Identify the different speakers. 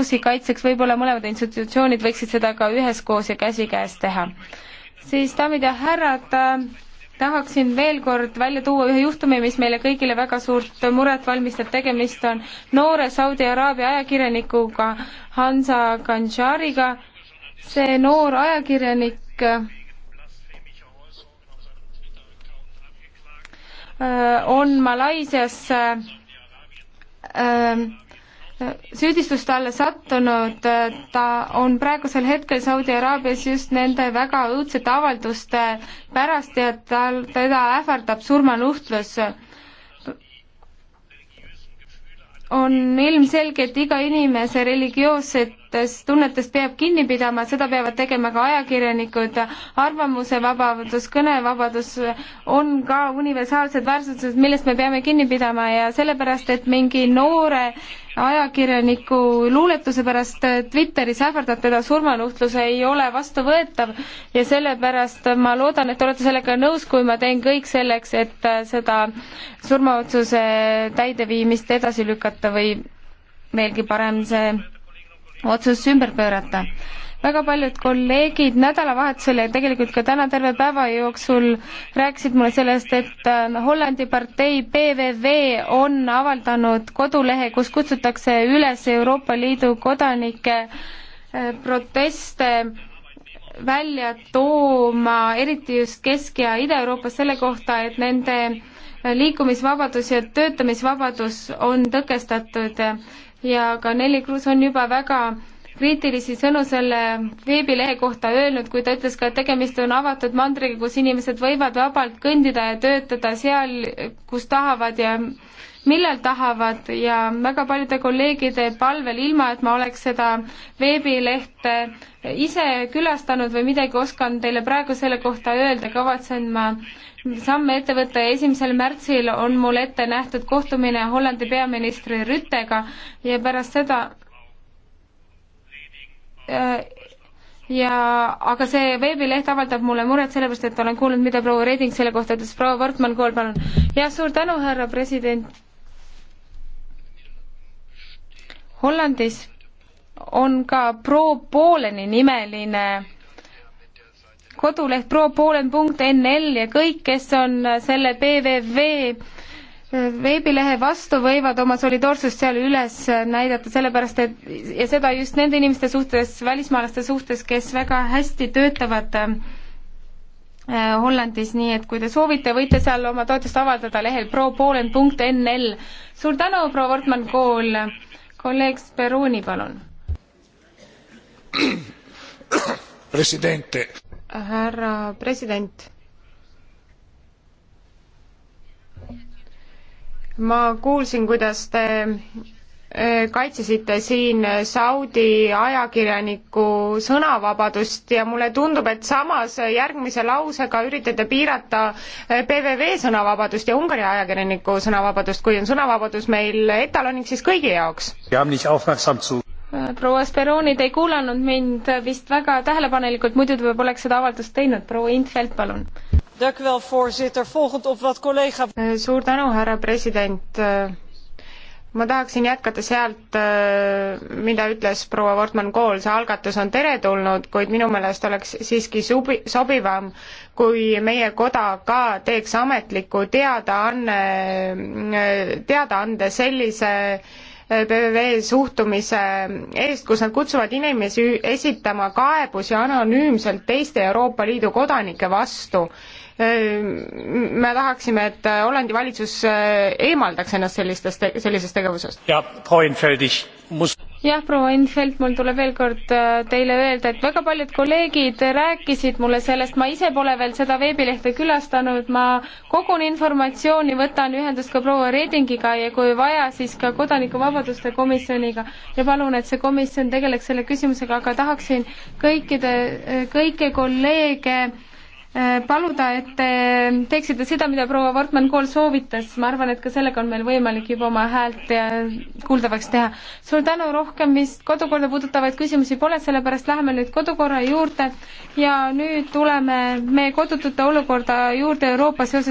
Speaker 1: õigusi kaitseks, võib-olla mõlemad institutsioonid võiksid seda ka üheskoos ja käsikäes teha. siis daamid ja härrad, tahaksin veel kord välja tuua ühe juhtumi, mis meile kõigile väga suurt muret valmistab, tegemist on noore Saudi Araabia ajakirjanikuga Hansa Kanjariga. see noor ajakirjanik äh, on Malaisias äh, süüdistuste alla sattunud, ta on praegusel hetkel Saudi Araabias just nende väga õudsete avalduste pärast ja tal, teda ähvardab surmanuhtlus. on ilmselge, et iga inimese religioossed avalikest tunnetest peab kinni pidama, seda peavad tegema ka ajakirjanikud, arvamusevabadus, kõnevabadus on ka universaalsed väärtused, millest me peame kinni pidama ja sellepärast, et mingi noore ajakirjaniku luuletuse pärast Twitteris ähvardab teda surmanuhtlus, ei ole vastuvõetav ja sellepärast ma loodan, et olete sellega nõus, kui ma teen kõik selleks, et seda surmaotsuse täideviimist edasi lükata või veelgi parem see otsus ümber pöörata väga paljud kolleegid nädalavahetusel ja tegelikult ka täna terve päeva jooksul rääkisid mulle sellest, et äh, Hollandi partei PVV on avaldanud kodulehe, kus kutsutakse üles Euroopa Liidu kodanike äh, proteste välja tooma, eriti just Kesk- ja Ida-Euroopas selle kohta, et nende äh, liikumisvabadus ja töötamisvabadus on tõkestatud ja ka Nelli Kruus on juba väga kriitilisi sõnu selle veebilehe kohta öelnud, kui ta ütles ka, et tegemist on avatud mandriga, kus inimesed võivad vabalt kõndida ja töötada seal, kus tahavad ja millal tahavad ja väga paljude kolleegide palvel, ilma et ma oleks seda veebilehte ise külastanud või midagi oskan teile praegu selle kohta öelda, kavatsen ma samme ette võtta ja esimesel märtsil on mul ette nähtud kohtumine Hollandi peaministri Rüttega ja pärast seda äh, ja aga see veebileht avaldab mulle muret, sellepärast et olen kuulnud, mida proua Reding selle kohta ütles, proua Wortmann-Kool, palun. jah, suur tänu, härra president Hollandis on ka Pro Poleni nimeline koduleht propolen.nl ja kõik, kes on selle PVV veebilehe vastu võivad oma solidaarsust seal üles näidata, sellepärast et ja seda just nende inimeste suhtes, välismaalaste suhtes, kes väga hästi töötavad äh, Hollandis, nii et kui te soovite, võite seal oma toetust avaldada lehel propolen.nl. suur tänu, proua Wortmann Kool, kolleeg Speroni, palun.
Speaker 2: president.
Speaker 1: härra
Speaker 2: president. ma kuulsin, kuidas te kaitsesite siin Saudi ajakirjaniku sõnavabadust ja mulle tundub, et samas järgmise lausega üritate piirata PVV sõnavabadust ja Ungari ajakirjaniku
Speaker 1: sõnavabadust, kui on sõnavabadus meil etaloniks, siis kõigi jaoks. proua Speroni, te ei kuulanud mind vist väga tähelepanelikult, muidu te poleks seda avaldust teinud, proua Intfeld, palun.
Speaker 2: suur tänu, härra president ma tahaksin jätkata sealt, äh, mida ütles proua Wortmann-Kool, see algatus on teretulnud, kuid minu meelest oleks siiski subi-, sobivam, kui meie koda ka teeks ametliku teadaanne, äh, teadaande sellise äh, PVV suhtumise eest, kus nad kutsuvad inimesi esitama kaebusi anonüümselt teiste Euroopa Liidu kodanike vastu me tahaksime, et Hollandi valitsus äh, eemaldaks ennast sellistest, sellisest tegevusest.
Speaker 1: jah, proua Infeld, mul tuleb veel kord äh, teile öelda, et väga paljud kolleegid rääkisid mulle sellest, ma ise pole veel seda veebilehte külastanud, ma kogun informatsiooni, võtan ühendust ka proua Redingiga ja kui vaja, siis ka Kodanikuvabaduste komisjoniga ja palun, et see komisjon tegeleks selle küsimusega, aga tahaksin kõikide, äh, kõiki kolleege Äh, paluda, et te teeksite seda, mida proua Wortmann-Kool soovitas, ma arvan, et ka sellega on meil võimalik juba oma häält kuuldavaks teha. suur tänu, rohkem vist kodukorda puudutavaid küsimusi pole, sellepärast läheme nüüd kodukorra juurde ja nüüd tuleme meie kodutute olukorda juurde Euroopas seoses